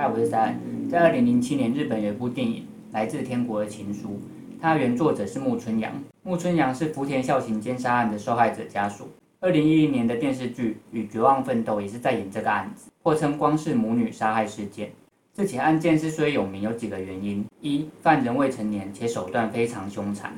嗨，Hi, 我是三，在二零零七年，日本有一部電影《來自天國的情書》，它原作者是木村洋。木村洋是福田孝行姦殺案的受害者家屬。二零一一年的電視劇《與絕望奮鬥》也是在演這個案子，或稱光市母女殺害事件。這起案件之所以有名，有幾個原因：一、犯人未成年且手段非常兇殘；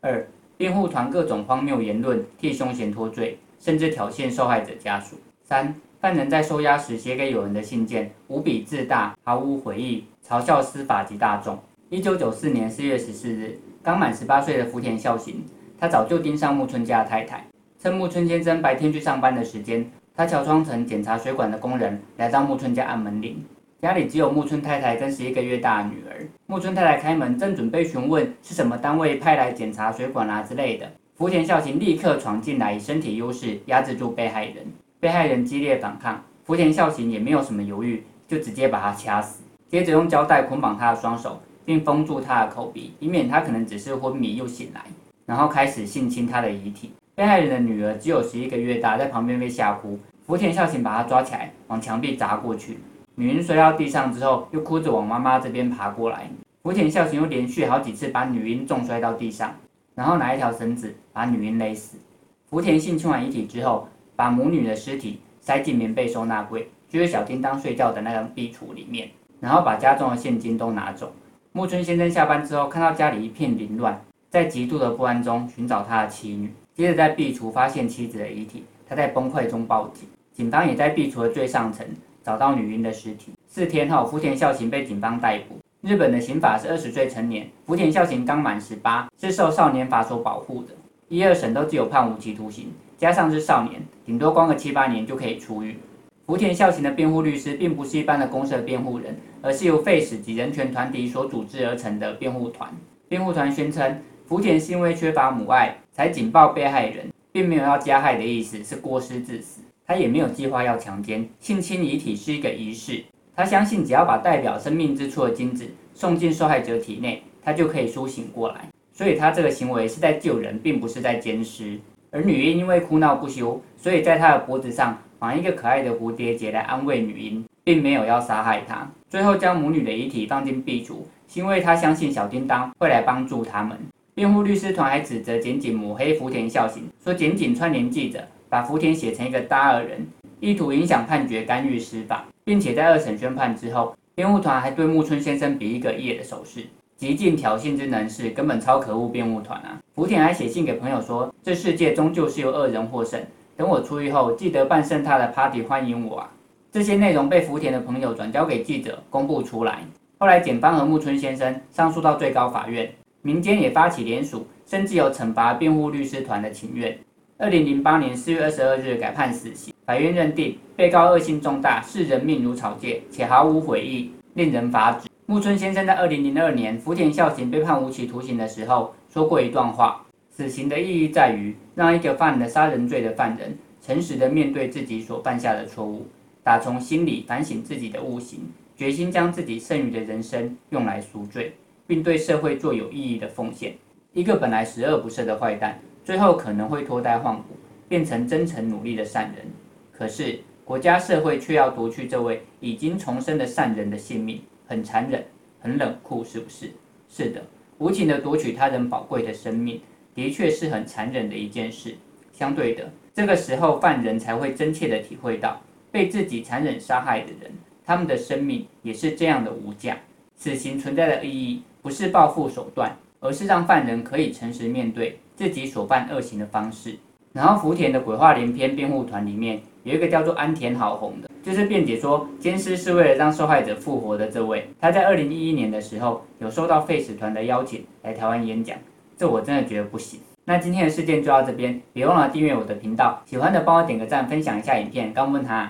二、辯護團各種荒謬言論替兇嫌脫罪，甚至挑釁受害者家屬；三。犯人在收押時寫給友人的信件，無比自大，毫無悔意，嘲笑司法及大眾。一九九四年四月十四日，剛滿十八歲的福田孝行，他早就盯上木村家的太太。趁木村先生白天去上班的時間，他喬裝成檢查水管的工人，來到木村家按門鈴。家裡只有木村太太跟十一個月大的女兒。木村太太開門，正準備詢問是什麼單位派來檢查水管啦、啊、之類的，福田孝行立刻闖進來，以身體優勢壓制住被害人。被害人激烈反抗，福田孝行也沒有什麼猶豫，就直接把他掐死，接着用膠帶捆綁他的雙手，並封住他的口鼻，以免他可能只是昏迷又醒來，然後開始性侵他的遺體。被害人的女兒只有十一個月大，在旁邊被嚇哭。福田孝行把她抓起來，往牆壁砸過去，女嬰摔到地上之後，又哭着往媽媽這邊爬過來。福田孝行又連續好幾次把女嬰重摔到地上，然後拿一條繩子把女嬰勒死。福田性侵完遺體之後，把母女的屍體塞進棉被收納櫃，就是小叮當睡覺的那張壁櫥裡面，然後把家中的現金都拿走。木村先生下班之後看到家裡一片凌亂，在極度的不安中尋找他的妻女，接着在壁櫥發現妻子的遺體，他在崩潰中報警。警方也在壁櫥的最上層找到女嬰的屍體。四天後，福田孝行被警方逮捕。日本的刑法是二十歲成年，福田孝行剛滿十八，是受少年法所保護的。一二審都只有判無期徒刑。加上是少年，頂多關個七八年就可以出獄。福田孝行的辯護律師並不是一般的公設辯護人，而是由廢死及人權團體所組織而成的辯護團。辯護團宣稱，福田是因為缺乏母愛才緊抱被害人，並沒有要加害的意思，是過失致死。他也沒有計劃要強姦、性侵遺體，是一個儀式。他相信，只要把代表生命之處的精子送進受害者體內，他就可以甦醒過來。所以，他這個行為是在救人，並不是在姦屍。而女嬰因為哭鬧不休，所以在她的脖子上綁一個可愛的蝴蝶結來安慰女嬰，並沒有要殺害她。最後將母女的遺體放進壁櫥，是因為她相信小叮當會來幫助他們。辯護律師團還指責簡井抹黑福田孝行，說簡井串聯記者，把福田寫成一個大惡人，意圖影響判決、干預司法，並且在二審宣判之後，辯護團還對木村先生比一個耶的手勢。極盡挑釁之能事，根本超可惡辯護團啊！福田還寫信給朋友說：“這世界終究是由惡人獲勝。等我出獄後，記得辦盛大的 party 歡迎我啊！”這些內容被福田的朋友轉交給記者，公布出來。後來，檢方和木村先生上訴到最高法院，民間也發起聯署，甚至有懲罰辯護律師團的請願。二零零八年四月二十二日改判死刑，法院認定被告惡性重大，視人命如草芥，且毫無悔意，令人髮指。木村先生在二零零二年福田孝行被判無期徒刑的時候說過一段話：“死刑的意義在於讓一個犯了殺人罪的犯人，誠實的面對自己所犯下的錯誤，打從心裡反省自己的悟性，決心將自己剩餘的人生用來贖罪，並對社會做有意義的奉獻。一個本來十惡不赦的壞蛋，最後可能會脫胎換骨，變成真誠努力的善人。可是國家社會卻要奪去這位已經重生的善人的性命。”很殘忍，很冷酷，是不是？是的，無情的奪取他人寶貴的生命，的確是很殘忍的一件事。相對的，這個時候犯人才會真切的體會到，被自己殘忍殺害的人，他們的生命也是這樣的無價。死刑存在的意義，不是報復手段，而是讓犯人可以誠實面對自己所犯惡行的方式。然後福田的鬼話連篇辯護團裡面有一個叫做安田好宏的，就是辯解說姦屍，是為了讓受害者復活的。這位他在二零一一年的時候有收到廢死團的邀請，來台灣演講，這我真的覺得不行。那今天的事件就到這邊，別忘了訂閱我的頻道，喜歡的幫我點個讚，分享一下影片，剛問他……